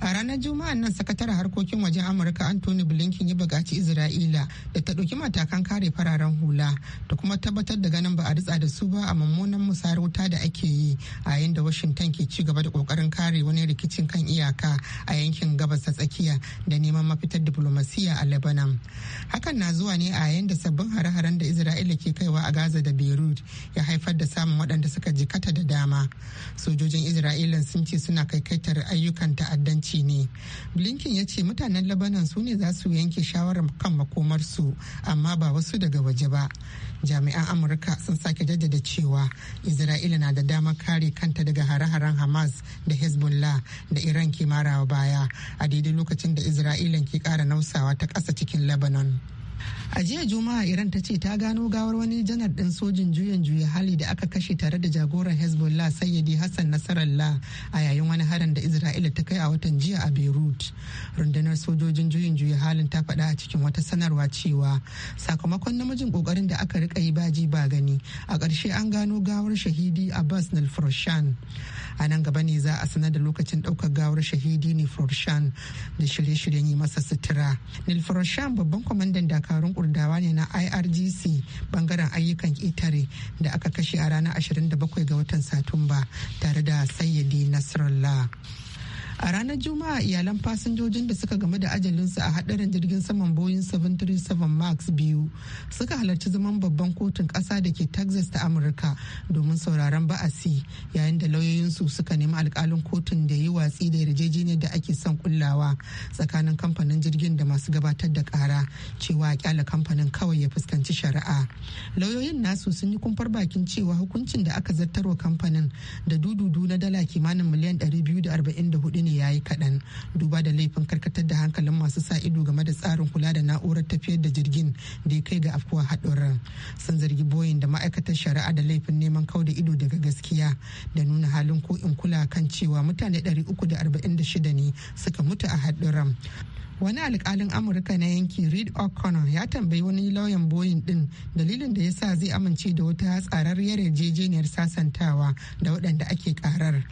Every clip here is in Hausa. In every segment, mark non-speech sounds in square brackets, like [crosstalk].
a ranar juma'an nan sakataren harkokin wajen amurka anthony blinken ya bugaci isra'ila da ta ɗauki matakan kare fararen hula da kuma tabbatar da ganin ba a ritsa da su ba a mummunan musayar da ake yi a yayin da washington ke ci gaba da kokarin kare wani rikicin kan iyaka a yankin gabas ta tsakiya da neman mafitar diplomasiya a lebanon hakan na zuwa ne a yayin da sabbin hare-haren da isra'ila ke kaiwa a gaza da beirut ya haifar da samun waɗanda suka jikata da dama sojojin isra'ila sun ce suna kaikaitar ayyukan ta'addanci ta'addanci ne blinken ya ce mutanen labanan su ne za su yanke shawarar kan makomarsu amma ba wasu daga waje ba jami'an amurka sun sake jaddada cewa isra'ila na da damar kare kanta daga hare-haren hamas da hezbollah da iran ke marawa baya a daidai lokacin da isra'ila ke kara nausawa ta ƙasa cikin lebanon a jiya juma'a iran ta ce ta gano gawar wani janar din sojin juyin juya hali da aka kashe tare da jagoran hezbollah sayyidi hassan nasarallah a yayin wani harin da isra'ila ta kai a watan jiya a beirut rundunar sojojin juyin juya halin ta faɗa a cikin wata sanarwa cewa sakamakon namijin kokarin da aka rika yi baji ba gani a ƙarshe an gano gawar shahidi abbas nilfurshan a nan gaba ne za a sanar da lokacin ɗaukar gawar shahidi nilfurshan da shirye-shiryen yi masa sutura nilfurshan babban kwamandan dakarun kurdawa ne na irgc bangaren ayyukan itare da aka kashe a ranar 27 ga watan satumba tare da sayyadi nasrallah a ranar juma'a iyalan fasinjojin da suka game da ajalinsu a hadarin jirgin saman boeing 737 max biyu suka halarci zaman babban kotun kasa da ke texas ta amurka domin sauraron ba'asi yayin da lauyoyinsu suka nemi alkalin kotun da yi watsi da yarjejeniyar da ake son kullawa tsakanin kamfanin jirgin da masu gabatar da kara cewa a kyala kamfanin kawai ya fuskanci shari'a lauyoyin nasu sun yi kumfar bakin cewa hukuncin da aka zartarwa kamfanin da dududu na dala kimanin miliyan 244 ne ya yi kaɗan duba da laifin karkatar da hankalin masu sa ido game da tsarin kula da na'urar tafiyar da jirgin da ya kai ga haɗin haɗuran sun zargi boyin da ma'aikatar shari'a da laifin neman kau da ido daga gaskiya da nuna halin ko in kula kan cewa mutane 346 ne suka mutu a haɗuran wani alkalin amurka na yanki reed o'connor ya tambayi wani lauyan boyin din dalilin da ya sa zai amince da wata tsarar yarjejeniyar sasantawa da waɗanda ake karar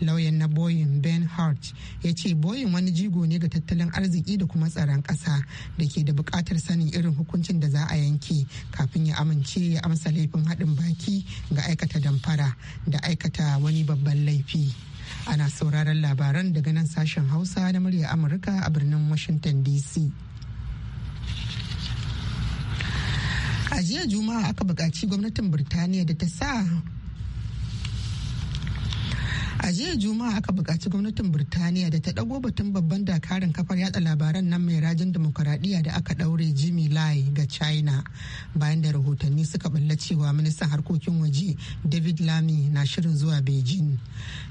lauyan na boyin ben hart ya ce boyin wani jigo ne ga tattalin arziki da kuma tsaron ƙasa da ke da buƙatar sanin irin hukuncin da za a yanke kafin ya amince ya amsa laifin haɗin baki ga aikata damfara da aikata wani babban laifi. Ana sauraron labaran daga nan sashen Hausa na murya Amurka a birnin Washington DC. A jiya Juma'a aka buƙaci gwamnatin Birtaniya da ta sa a jiya juma'a aka bukaci gwamnatin birtaniya da ta ɗago batun babban dakarun kafar yada labaran nan mai rajin demokuraɗiyya da aka ɗaure jimmy lai ga china bayan da rahotanni suka balla cewa ministan harkokin waje david lamy na shirin zuwa beijing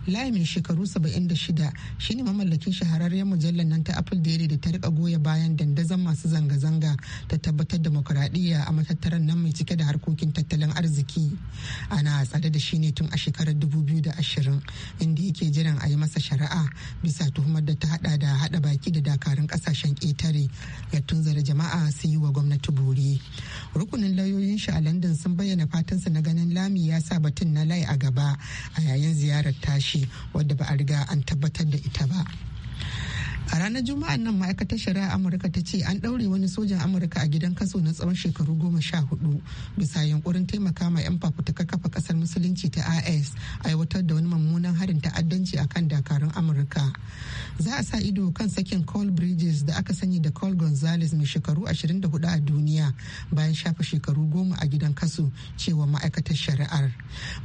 lai mai shekaru 76 shine mamallakin shahararren mujallar nan ta apple daily da ta rika goya bayan dandazon masu zanga-zanga ta tabbatar demokuraɗiyya a matattaran nan mai cike da harkokin tattalin arziki ana tsare da shi ne tun a shekarar 2020 inda yake jiran a yi masa shari'a bisa tuhumar da ta hada da hada baki da dakarun kasashen ƙetare ya tunzara jama'a su yi wa gwamnati bore rukunin lauyoyin shi a london sun bayyana fatan fatansa na ganin lami ya sa batun na layi a gaba a yayin ziyarar tashi wadda ba a riga an tabbatar da ita ba a ranar juma'an nan ma'aikatar shari'a amurka ta ce an ɗaure wani sojan amurka a gidan kaso na tsawon shekaru goma sha hudu bisa yunkurin taimaka ma 'yan fafutuka kafa kasar musulunci ta is aiwatar da wani mummunan harin ta'addanci a kan dakarun amurka za a sa ido kan sakin cole bridges da aka sani da cole gonzales mai shekaru 24 a duniya bayan shafa shekaru goma a gidan kaso cewa ma'aikatar shari'ar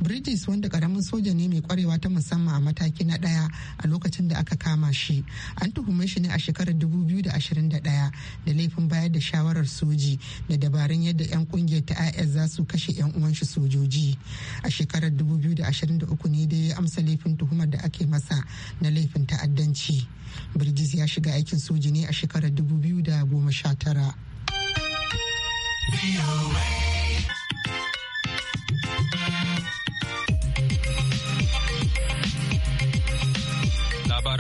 bridges wanda karamin soja ne mai kwarewa ta musamman a mataki na ɗaya a lokacin da aka kama shi an tuhumi tuhumin shi ne a shekarar 2021 da laifin bayar da shawarar soji da dabarun yadda 'yan kungiyar ta IS za su kashe 'yan uwanshi sojoji. A shekarar 2023 ne dai ya amsa laifin tuhumar da ake masa na laifin ta'addanci. Birgis ya shiga aikin soji ne a shekarar 2019.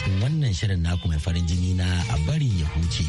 cikin wannan shirin naku mai farin jini na a bari ya huce.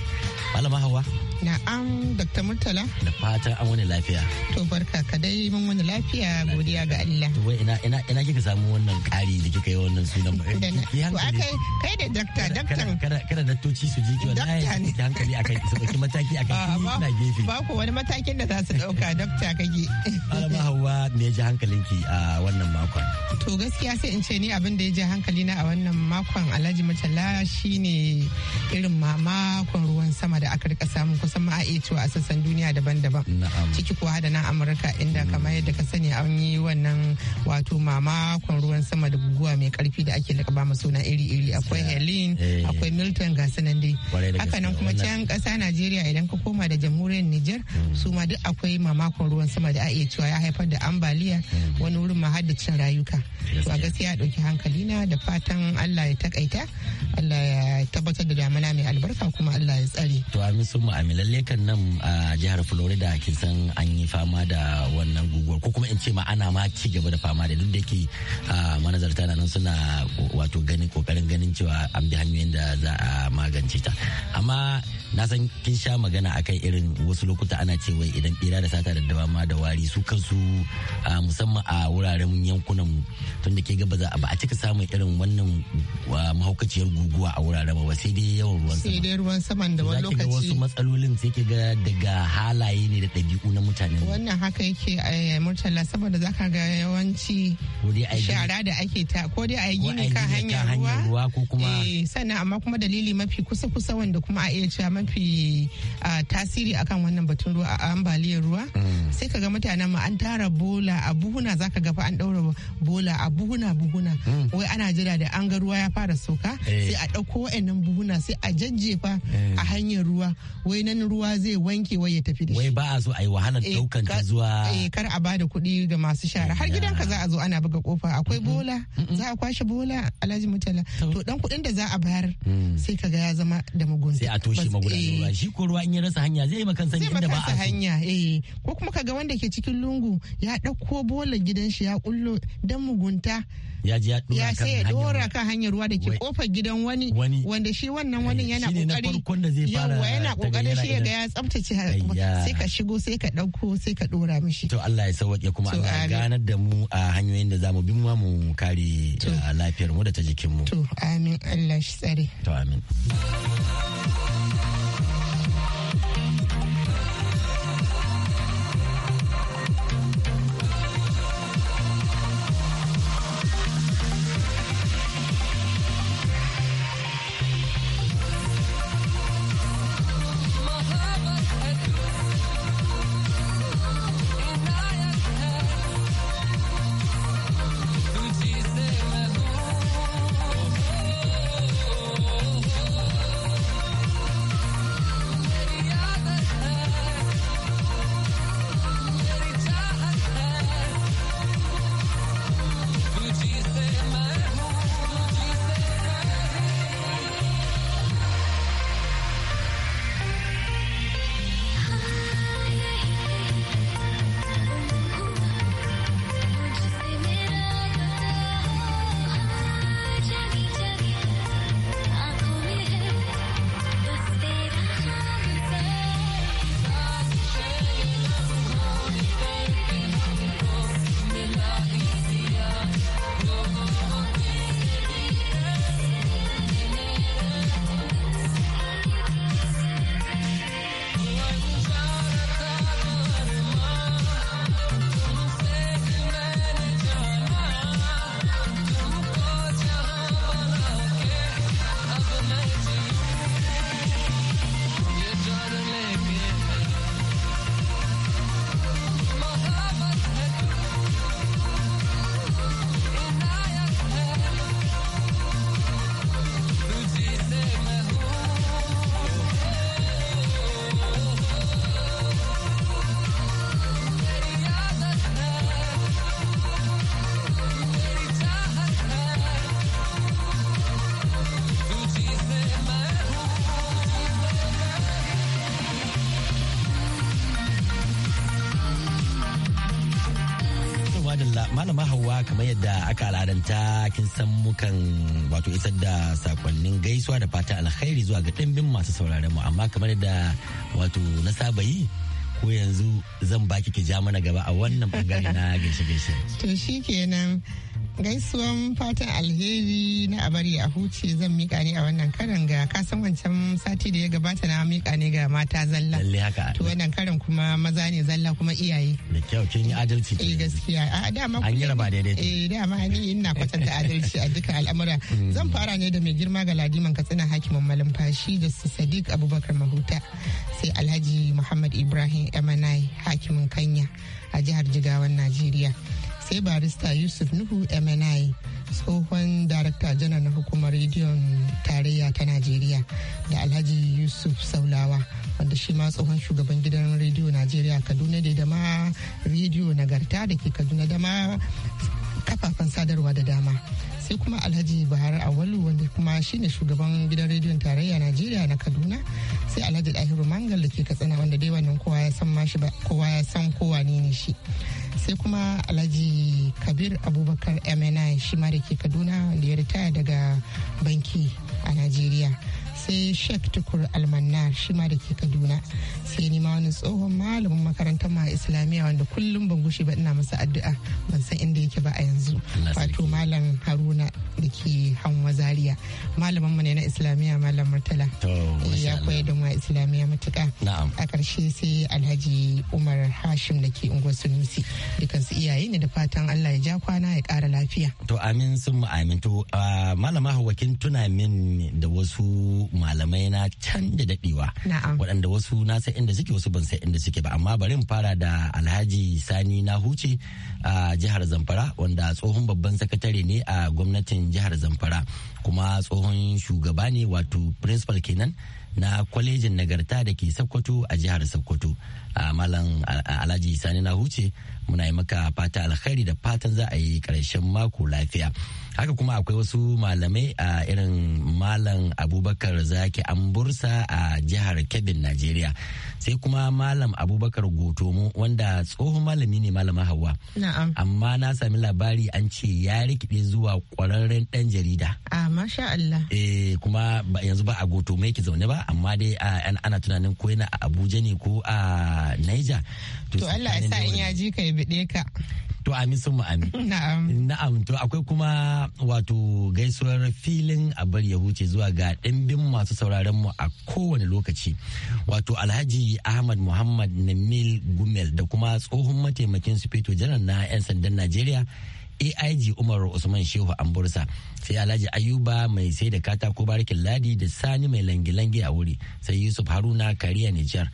Malama Hawa. Na'am Dr. Murtala. Da fatan an wani lafiya. To barka ka dai mun wani lafiya godiya ga Allah. To ina ina ina kika samu wannan ƙari da kika yi wannan sunan ba. To akai kai da dakta daktan. Kada kada toci su ji kiwa na yi hankali akai su dauki mataki akai ina gefe. Ba ku wani matakin da za su ɗauka dakta kage. Malama Hawa me ya ji hankalinki a wannan makon? to gaskiya sai in ce ni abin da ya ji hankali na a wannan makon alhaji matala shine irin makon ruwan sama da aka rika samun kusan ma a sassan duniya daban-daban ciki kuwa da nan amurka inda kamar yadda ka sani an yi wannan wato mamakon ruwan sama da guguwa mai karfi da ake laka ba mu suna iri-iri akwai helen akwai milton ga sanan dai haka nan kuma can kasa najeriya idan ka koma da jamhuriyar niger hmm. su ma duk akwai mamakon ruwan sama da a ya haifar da ambaliya hmm. wani wurin ma rayuka ba gaskiya ɗauki hankali na da fatan Allah ya takaita Allah ya tabbatar da damana mai albarka kuma Allah ya tsare to amin sun mu'amilalle kan nan a jihar Florida kin san an yi fama da wannan guguwar ko kuma in ce ma ana ma ci gaba da fama da duk da ke manazarta nan suna wato ganin kokarin ganin cewa an bi hanyoyin da za a magance ta amma na san kin sha magana akan irin wasu lokuta ana cewa idan bera da sata da dawa ma da wari su kansu a musamman a wuraren yankunan mu tun da ke a ba a cika samun irin wannan mahaukaciyar guguwa a wuraren ba sai dai yawan ruwan sama sai dai ruwan sama da wani lokaci wasu matsalolin sai ke ga daga halaye ne da ɗabi'u na mutane wannan haka yake a murtala saboda zaka ga yawanci shara da ake ta ko dai a yi gini kan hanyar ruwa ko kuma eh, sannan amma kuma dalili mafi kusa kusa wanda kuma a iya cewa mafi tasiri akan wannan batun ruwa a ambaliyar ruwa hmm. sai ka ga mutanen ma an tara bola a buhuna zaka ga fa an daura bola a buhuna buhuna hmm. wai ana jira da an ga ruwa ya fara sauka eh. sai a dauko wayannan buhuna sai a jajjefa eh. a hanyar ruwa wai nan ruwa zai wanke wai ya tafi da shi wai ba a zo ayi yi wahalar daukan eh, ka zuwa eh kar a bada kuɗi ga masu shara har gidanka za a zo ana buga kofa akwai bola za a kwashe bola alhaji mutala to dan kuɗin da za a bayar hmm. sai ka ga ya zama da mugunta sai a toshe magudanin eh. ruwa shi ko ruwa in ya rasa hanya zai makan sanya inda ba a hanya eh ko kuma kaga wanda ke cikin lungu ya dauko bola gidan shi ya kullo dan mugunta ya ji ya dora kan hanyar dora kan hanyar ruwa da ke kofar gidan wani wanda shi wannan wani eh, yana kokari yawa yana kokarin shi ya ga ya tsaftace sai ka shigo sai ka dauko sai ka dora mishi to Allah ya sauke kuma Allah ya ganar da mu a hanyoyin da zamu bin mu kare eh, lafiyar mu da ta jikin mu to amin Allah shi tsare to amin kamar yadda aka al'adanta kin san mukan wato isar da sakonnin gaisuwa da fata alkhairi zuwa ga ɗimbin masu sauraron mu amma kamar yadda wato na saba yi ko yanzu zan baki ki ja mana gaba a wannan bangare na gaishe-gaishe. To shikenan gaisuwan fatan alheri na abari a huce zan mika ne a wannan karin ga kasan wancan sati da ya gabata na mika ne ga mata zalla to wannan karin kuma maza ne zalla kuma iyaye da kyau kin yi adalci eh gaskiya a dama an yi raba daidai eh dama ni ina kwatanta adalci a duka al'amura hmm. zan fara ne da mai girma ga ladiman katsina hakimin fashi da su sadiq abubakar mahuta sai alhaji muhammad ibrahim emanai hakimin kanya a jihar jigawan najeriya sai barista yusuf nuhu mni tsohon darakta jana na hukumar rediyon tarayya ta najeriya da alhaji yusuf saulawa wanda shi ma tsohon shugaban gidan rediyo najeriya kaduna da dama rediyo nagarta da ke kaduna dama kafafen sadarwa da dama sai kuma alhaji bahar awalu wanda kuma shine shugaban gidan rediyon tarayya najeriya na kaduna sai alhaji dahiru mangal da ke katsina wanda dai wannan kowa ya san kowa ne ne shi sai kuma alhaji kabir abubakar MNA shi ma da ke kaduna da ya ritaya daga banki a najeriya sai sheikh tukur Almanna shi ma da ke kaduna sai ni ma wani tsohon malamin makarantar ma islamiyya wanda kullum ban gushe ba ina masa addu'a ban san inda yake ba a yanzu wato malam haruna da ke hanwa zaria malamin mu ne na islamiyya malam murtala ya koyar da wa islamiyya matuka a karshe sai alhaji umar hashim da ke unguwar sunusi su iyaye ne da fatan allah ya ja kwana ya kara lafiya to amin sun mu amin to malama hawa kin tuna min da wasu malamai na can da dadewa waɗanda wasu na san inda suke wasu ban san inda suke ba amma bari mu fara da alhaji sani na huce a jihar zamfara wanda tsohon babban sakatare ne a gwamnatin gwamnatin jihar zamfara kuma tsohon shugaba ne wato principal kenan na kwalejin nagarta da ke sokoto a jihar sokoto malam alhaji sani na huce muna yi maka fata alkhairi da fatan za a yi karshen mako lafiya haka kuma akwai wasu malamai a irin malam abubakar zaki an bursa a jihar kebin nigeria sai kuma malam abubakar gotomo wanda tsohon malami ne malama hawa amma na sami labari an ce ya rikide zuwa kwararren dan jarida a masha Allah eh kuma yanzu ba a gotomo yake zaune ba amma dai ana tunanin ko yana a abuja ne ko a niger to Allah ya sa in ya ji ka ya bide ka to amin sun [laughs] mu na'am to akwai kuma wato gaisuwar filin a bar ya huce zuwa ga ɗimbin masu sauraron mu a kowane lokaci wato Alhaji Ahmad Muhammad Namil Gumel da kuma tsohon mataimakin sufeto janar na 'yan sandan Najeriya aig umar usman shehu bursa sai alhaji ayuba mai sai da katako barkin ladi da sani mai langilangi a wuri sai yusuf haruna kariya nijar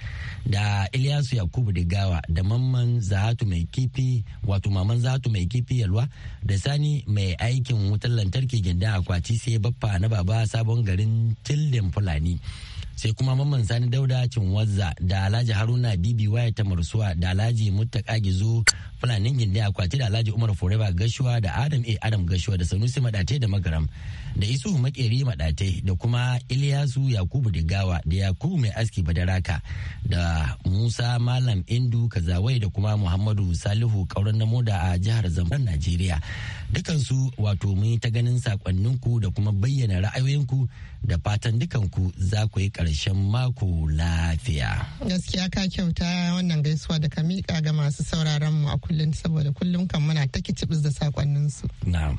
da ilyasu yakubu digawa da mamman zahatu mai kifi wato maman zahatu mai kifi yalwa da sani mai aikin wutar lantarki gindin akwati sai baffa na baba sabon garin tildin fulani sai kuma mamman sani dauda cinwazza da alhaji haruna bibi waya ta marsuwa da alhaji muttaka gizo fulanin gindi akwati da alhaji umar foreba gashuwa da adam a adam gashuwa da sanusi madate da magaram da isu makeri madatai da kuma iliyasu yakubu digawa da yakubu mai aski badaraka da musa malam indu kazawai da kuma muhammadu salihu kauran namoda a jihar zamfara najeriya dukansu wato mun ta ganin sakonninku da kuma bayyana ra'ayoyinku da fatan dukanku za ku yi karshen mako lafiya gaskiya ka kyauta wannan gaisuwa da ka miƙa ga masu sauraron mu a kullum saboda kullum kan muna ta kicibis da sakonninsu na'am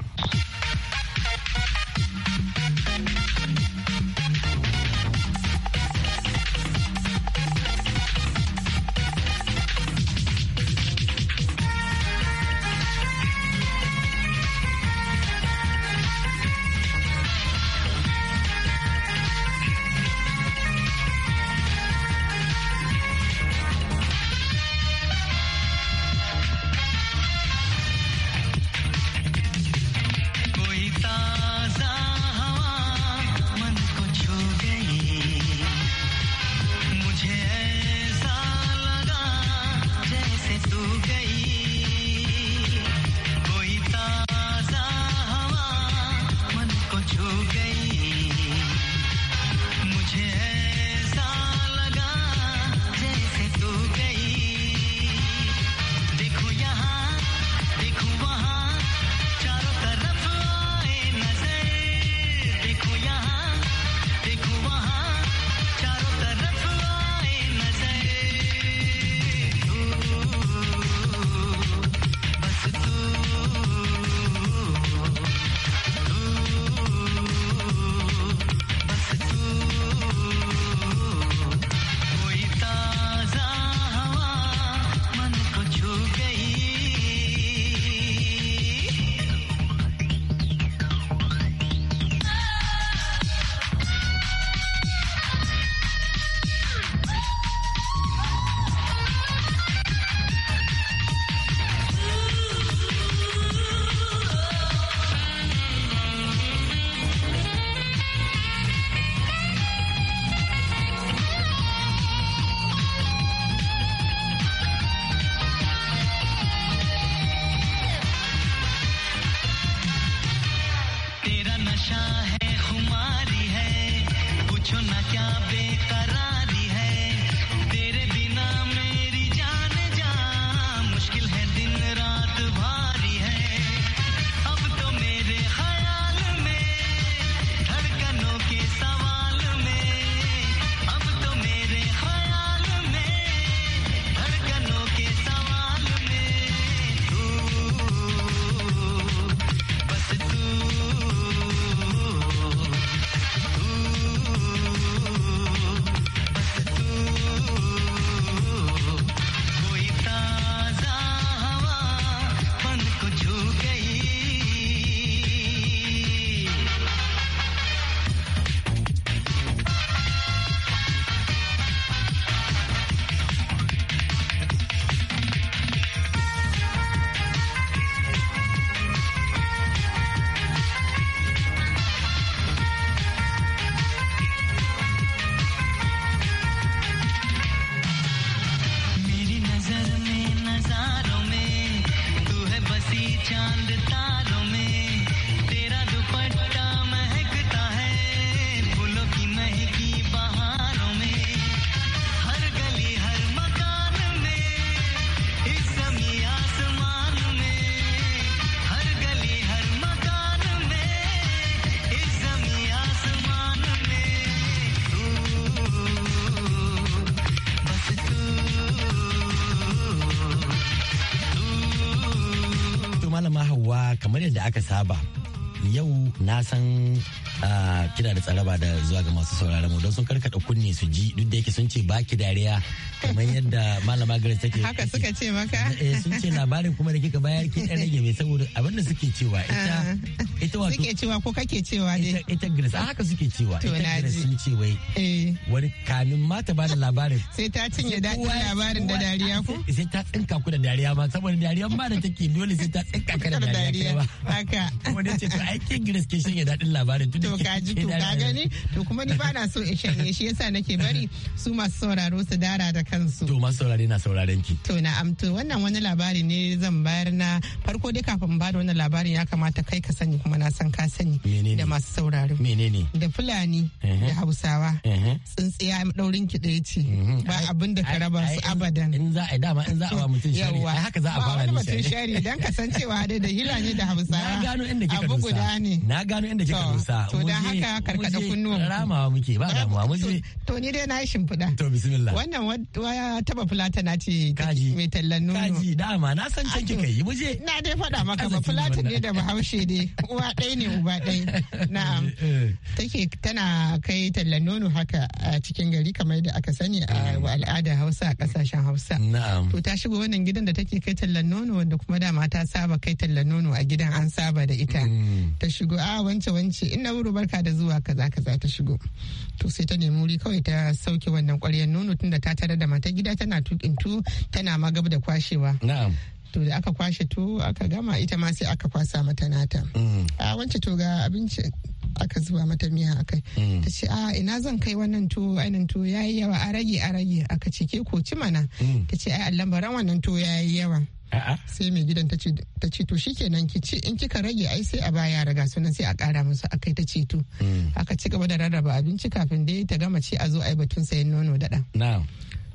na san kina da tsaraba da zuwa ga masu sauraron mu don sun karkada kunne su ji duk da yake sun ce baki dariya kamar yadda malama gari take haka suka ce maka eh sun ce labarin kuma da kika bayar ki dan rage mai saboda abin da suke cewa ita ah. ita wato suke cewa ko kake cewa ne ita gris haka suke cewa ita gris sun ce wai eh. wani kamin ma ta bada labarin sai ta cinye dadin labarin da dariya ko sai ta tsinka ku da dariya ma saboda dariya ma da take dole sai ta tsinka ka da dariya haka wanda ce to ai kin gris kin shanye daɗin labarin tun to ka ji to ka gani to kuma ni ba na so in shanye shi yasa nake bari su masu sauraro su dara da kansu to masu saurare na sauraren ki to na amto wannan wani labari ne zan bayar na farko dai kafin ba da wannan labarin ya kamata kai ka sani kuma na san ka sani da masu sauraro menene da fulani da hausawa tsintsiya daurin ki ɗaya ce ba abin da ka raba su abadan in za a yi dama in za a ba mutum shari haka za a fara ni shari dan kasancewa dai da hilani da hausawa na gano inda kika dosa abu guda ne na gano inda kika dosa to dan haka karkada kunnuwan ramawa muke ba damuwa mu je to ni dai na yi shimfiɗa to bismillah wannan waya taba na ce kaji mai tallan nono kaji dama na san can kika yi muje na dai faɗa maka ba fulata ne da bahaushe ne uwa ɗaya ne uba ɗaya [laughs] na'am eh. take tana kai tallan nono haka a cikin gari kamar da aka sani a mm. al'ada Hausa a kasashen Hausa na'am to ta shigo wannan gidan da take kai tallan nono wanda kuma dama ta saba kai tallan nono a gidan an saba da ita mm. ta shigo a wance wance ina wuro barka da zuwa kaza kaza ta shigo to sai ta nemi wuri kawai ta sauke wannan kwaryar nono tunda ta tare da mata gida tana tukin tu tana magab da kwashewa na'am to da aka kwashe to aka gama ita ma sai aka kwasa mata nata mm. a wance to ga abinci aka zuba mata miya a kai mm. ta ce a ah, ina zan kai wannan tuwo ainihin tuwo ya yi yawa a rage a rage aka ce ke ko ci mana mm. ta ce ai lambaran wannan tuwo ya yi yawa sai mai gidan ta ce to shikenan ki ci in kika rage ai sai a baya raga sunan sai a kara musu a kai ta ce to mm. aka ci gaba da rarraba abinci kafin dai ta gama ci a zo ai batun sayan nono daɗa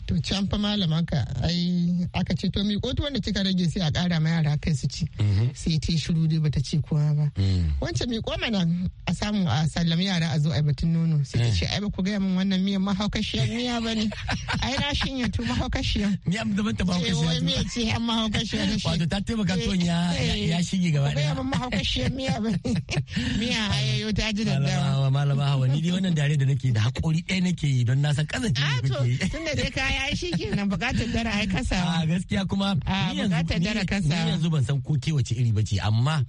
to can fa malaman ka ai aka ce to mi ko wanda kika rage sai a kara ma yara kai su ci mhm. sai ta shiru dai bata ce kowa ba mm. wancan mi ko mana a samu a sallami yara a zo ai batun nono sai ta mm. ce ai ba ku gaya min wannan miyan mahaukashiyar miya ba ne [laughs] ai na shinya to mahaukashiyar miya da ban ta eh, mahaukashiyar wai miya ce an mahaukashiyar shi wato ta taimaka to ya eh, ya shige gaba daya ba mahaukashiyar miya ba [laughs] miya ayayyo ta ji da dama malama hawa ni dai wannan dare da nake da hakuri ɗaya nake yi don na san kazaci ne ah, kuke yi tunda dai ka ya shi kenan bukatar dara ai kasa a gaskiya kuma ni yanzu ban san ko kewace iri bace amma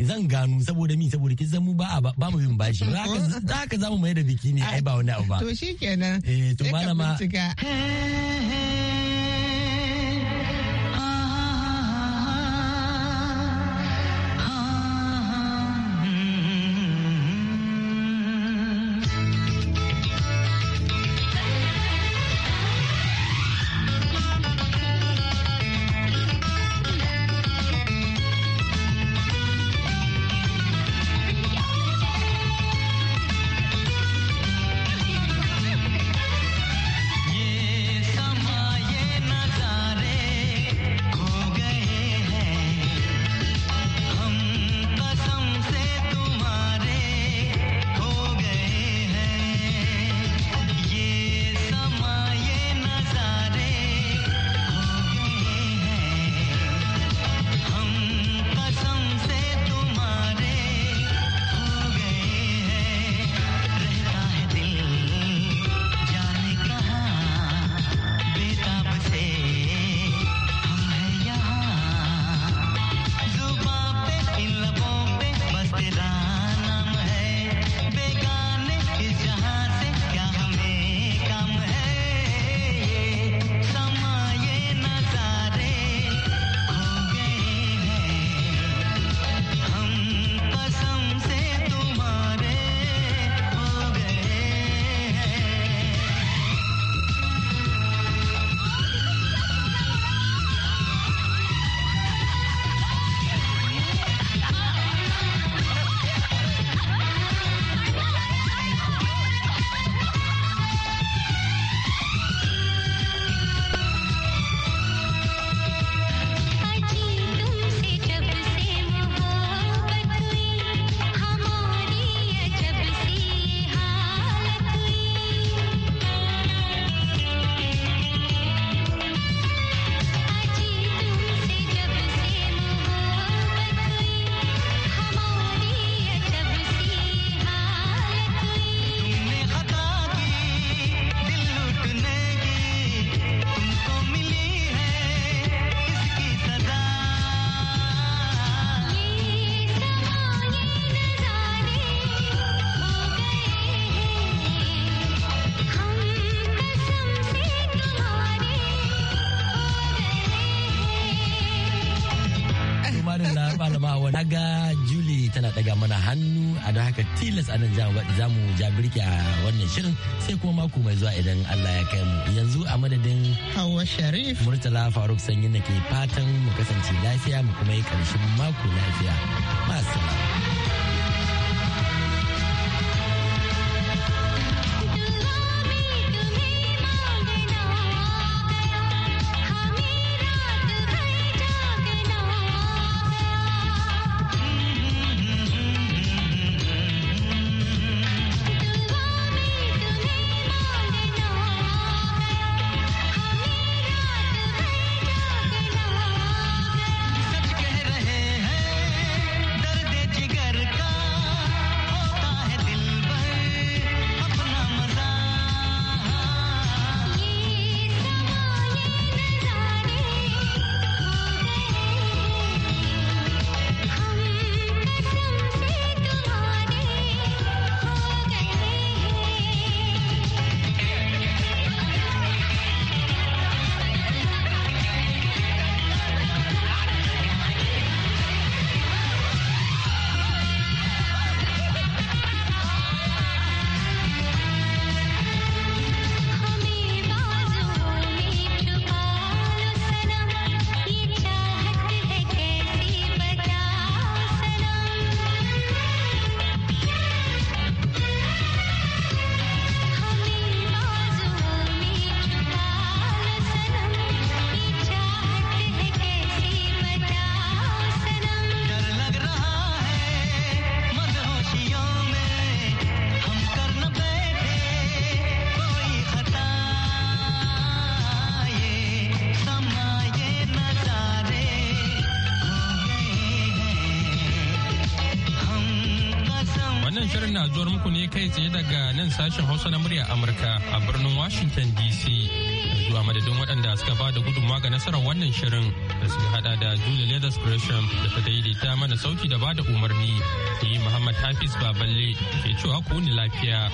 zan gano saboda mi saboda kin san mu ba ba mu yin bashi za ka za mu mai da biki ne ai ba wani abu ba to shikenan eh to malama [laughs] tilas anan za mu ja birki a wannan shirin sai kuma mako mai zuwa idan Allah ya kai mu yanzu a madadin Hauwa Sharif Murtala Faruk Sanyi nake ke fatan mu kasance lafiya mu kuma yi karshen mako lafiya. Masu Wannan shirin na zuwar muku ne kai tsaye daga nan sashen Hausa na murya Amurka a birnin Washington DC. Zuwa madadin waɗanda suka ba da gudunmawa ga nasarar wannan shirin da suka hada da Julia Leathers Gresham da ta daidaita mana sauki da ba da umarni. yi Muhammad Hafiz Baballe ke cewa ku ni lafiya.